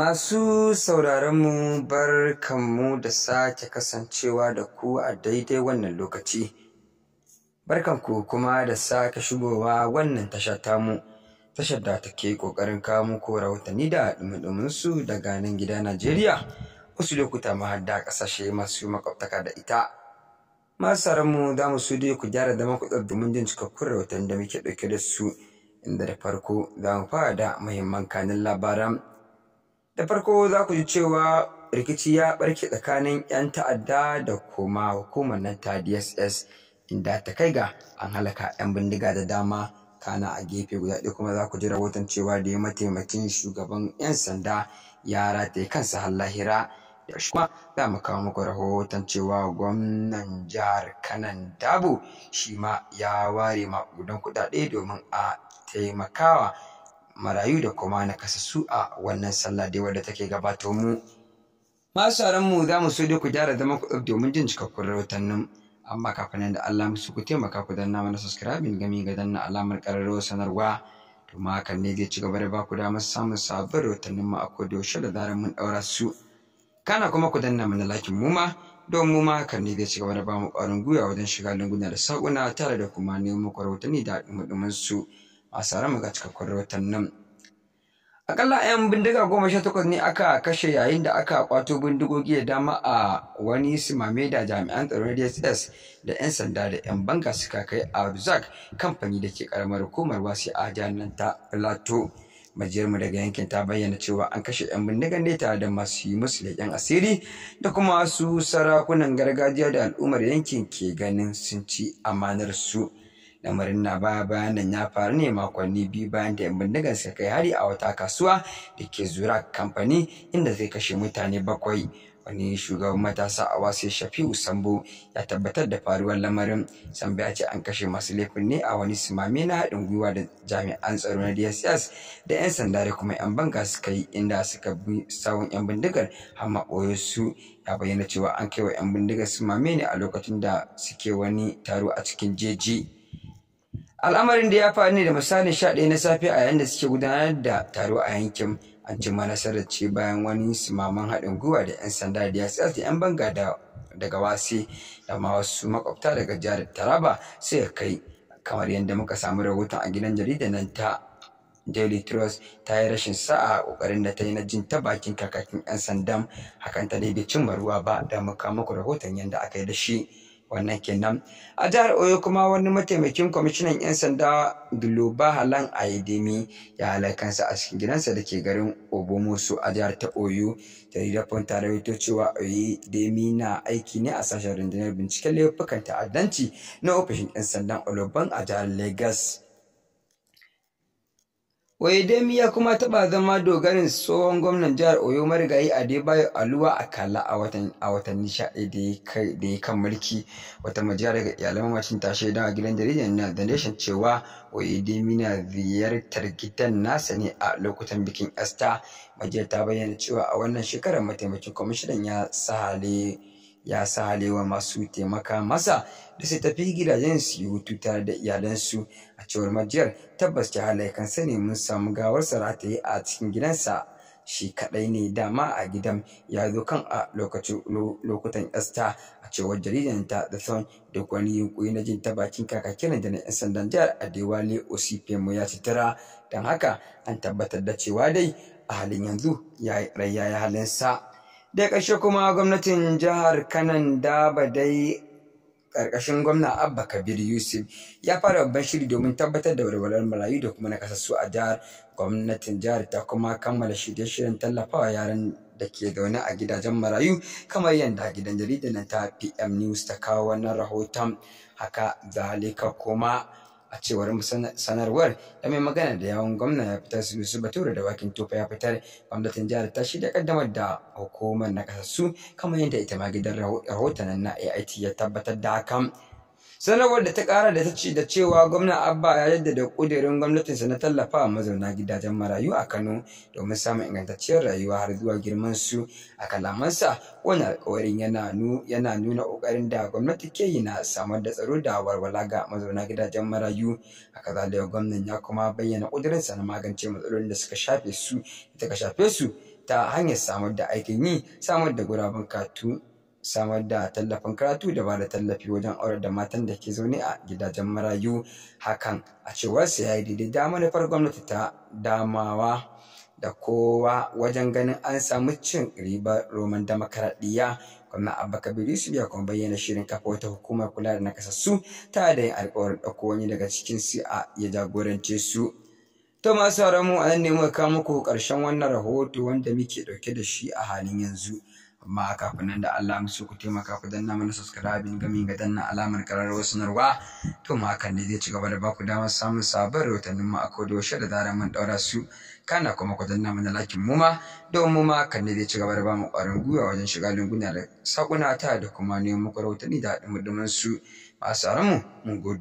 Masu sauraronmu bar kanmu da sake kasancewa da ku a daidai wannan lokaci. Barkanku kuma da sake shigowa wannan tasha tamu, tashar da take ƙoƙarin kawo muku rahotanni da ɗumi daga nan gida Najeriya, wasu lokuta ma har da ƙasashe masu makwabtaka da ita. Masu sauranmu za mu su dai ku gyara da ku domin jin cikakkun rawatan da muke ɗauke da su, inda da farko za mu fara da muhimman kanin labaran da farko za ku ji cewa rikici ya barke tsakanin 'yan ta'adda da kuma hukumar nan ta dss inda ta kai ga an halaka 'yan bindiga da dama kana a gefe guda ɗaya kuma za ku ji rahoton cewa da ya mataimakin shugaban 'yan sanda ya rataye kansa har da shi kuma za mu kawo muku rahoton cewa gwamnan jihar kanan dabo shi ma ya ware maƙudan kuɗaɗe domin a taimakawa marayu da kuma na kasassu a wannan sallah dai wadda take gabato mu masu ran mu za mu so dai ku gyara zama ku domin jin cikakkun rahotannin amma kafin nan da Allah musu ku taimaka ku danna mana subscribing gami ga danna alamar ƙararrawar sanarwa to ma hakan ne zai ci gaba da ba ku damar samun sabbin rahotannin mu a kodayaushe da zarar mun ɗaura su kana kuma ku danna mana lakin mu ma don mu ma hakan ne zai ci gaba da ba mu ƙwarin gwiwa wajen shiga lunguna da sa'una tare da kuma neman muku rahotanni da ɗumuɗumin su. a sare mu ga cikakkun rahoton nan akalla 'yan bindiga goma sha takwas ne aka kashe yayin da aka kwato bindigogi da dama a wani simame da jami'an tsaron dss da 'yan sanda da 'yan banga suka kai a zak kamfani da ke karamar hukumar wasi a jihar ta plateau majiyarmu daga yankin ta bayyana cewa an kashe 'yan bindigan ne tare da masu yi musu leƙen asiri da kuma wasu sarakunan gargajiya da al'ummar yankin ke ganin sun ci amanar su. lamarin na baya bayan nan ya faru ne makonni biyu bayan da 'yan bindigar suka kai hari a wata kasuwa da ke zura kamfani inda zai kashe mutane bakwai wani shugaban matasa a wasu shafi'u sambo ya tabbatar da faruwar lamarin sambo ya ce an kashe masu laifin ne a wani simami na haɗin gwiwa da jami'an tsaro na dss da 'yan sanda da kuma 'yan banga suka yi inda suka bi sawun 'yan bindigar har maɓoyo su ya bayyana cewa an kai wa 'yan bindigar simame ne a lokacin da suke wani taro a cikin jeji. al'amarin da ya faru ne da misalin sha ɗaya na safe a yayin da suke gudanar da taro a yankin anjima nasarar ce bayan wani sumaman haɗin gwiwa da 'yan sanda da ya da 'yan banga daga wasi da ma wasu makwabta daga jihar taraba ya kai kamar yadda muka samu rahoton a gidan jaridar nan ta Daily Trust ta yi rashin sa'a kokarin da ta yi na jin ta bakin kakakin 'yan sandan hakan ta daidai cimma ruwa ba da muka muku rahoton yadda aka yi da shi. wannan kenan a jihar oyo kuma wani mataimakin kwamishinan 'yan sanda globa halan aidemi ya kansa a cikin gidansa da ke garin obomoso a jihar ta oyo jaridar fon ta rawaito cewa aidemi na aiki ne a sashen rundunar binciken laifukan ta'addanci na ofishin 'yan sandan oloban a jihar lagos Waidemi ya kuma taɓa zama dogarin tsohon gwamnan jihar Oyo marigayi Adebayo Aluwa a Kala a watanni sha da ya kan mulki wata majiya daga iyalan mamacin tashe dawa a gidan jaridar na da Nation cewa Waidemi na ziyartar gidan nasa ne a lokutan bikin Esther. Majiyar ta bayyana cewa a wannan shekarar mataimakin kwamishinan ya sahale ya sa halewa masu taimaka masa da su tafi gidajen su yi hutu tare da iyalansu a cewar majiyar tabbas ki kan sani mun samu gawarsa rataye a cikin gidansa shi kadai ne dama a gidan ya zo kan a lokutan esta a cewar jaridan ta da son da wani yunkuri na jin ta bakin kiran da na yan sandan jihar adewale osipemo ya citara don haka an tabbatar da cewa dai a halin yanzu ya yi sa. da ƙarshe kuma gwamnatin jihar kanan daba dai ƙarƙashin gwamna abba kabir yusuf ya fara babban shiri domin tabbatar da walwalar marayu da kuma nakasassu a jihar gwamnatin jihar ta kuma kammala shirye-shiryen tallafawa yaran da ke zaune a gidajen marayu kamar yadda gidan jaridar ta pm news ta kawo wannan rahoton haka zalika kuma a cewar sanarwar da mai magana da yawon gwamna ya fitar su su bature da wakin tofa ya fitar gwamnatin jihar ta da kaddamar da hukumar na kasassu kamar yadda ita ma gidan rahoton na ait ya tabbatar da hakan sanarwar da ta kara da ta ce da cewa gwamnan abba ya jaddada kudirin gwamnatinsa na tallafa mazauna gidajen marayu a kano domin samun ingantacciyar rayuwa har zuwa girman su a kalamansa wani alkawarin yana nuna kokarin da gwamnati ke yi na samar da tsaro da walwala ga mazauna gidajen marayu a da gwamnan ya kuma bayyana kudirinsa na magance matsalolin da suka shafe su da suka shafe su ta hanyar samar da aikin yi samar da guraben katu samar da tallafin karatu da ba da tallafi wajen aurar da matan da ke zaune a gidajen marayu hakan a cewar sa ya yi daidai da manufar gwamnati ta damawa da kowa wajen ganin an samu cin ribar roman demokaradiyya gwamna abba kabiru su biya kuma bayyana shirin kafa wata hukumar kula da nakasassu ta da yin alkawarin ɗauko wani daga cikin su a ya jagorance su to masu mu a nan ne muka kawo muku ƙarshen wannan rahoto wanda muke ɗauke da shi a halin yanzu amma kafin nan da Allah mu so ku taimaka ku danna mana subscribing gami ga danna alamar wasu narwa to ma hakan ne zai ci gaba da ba ku damar samun sabon rahotannin mu a koda yaushe da zarar mun daura su kana kuma ku danna mana lakin mu ma don mu ma hakan ne zai ci gaba da ba mu ƙwarin gwiwa wajen shiga lunguna da sakuna ta da kuma neman muku rahotanni da haɗin su masu mu mun gode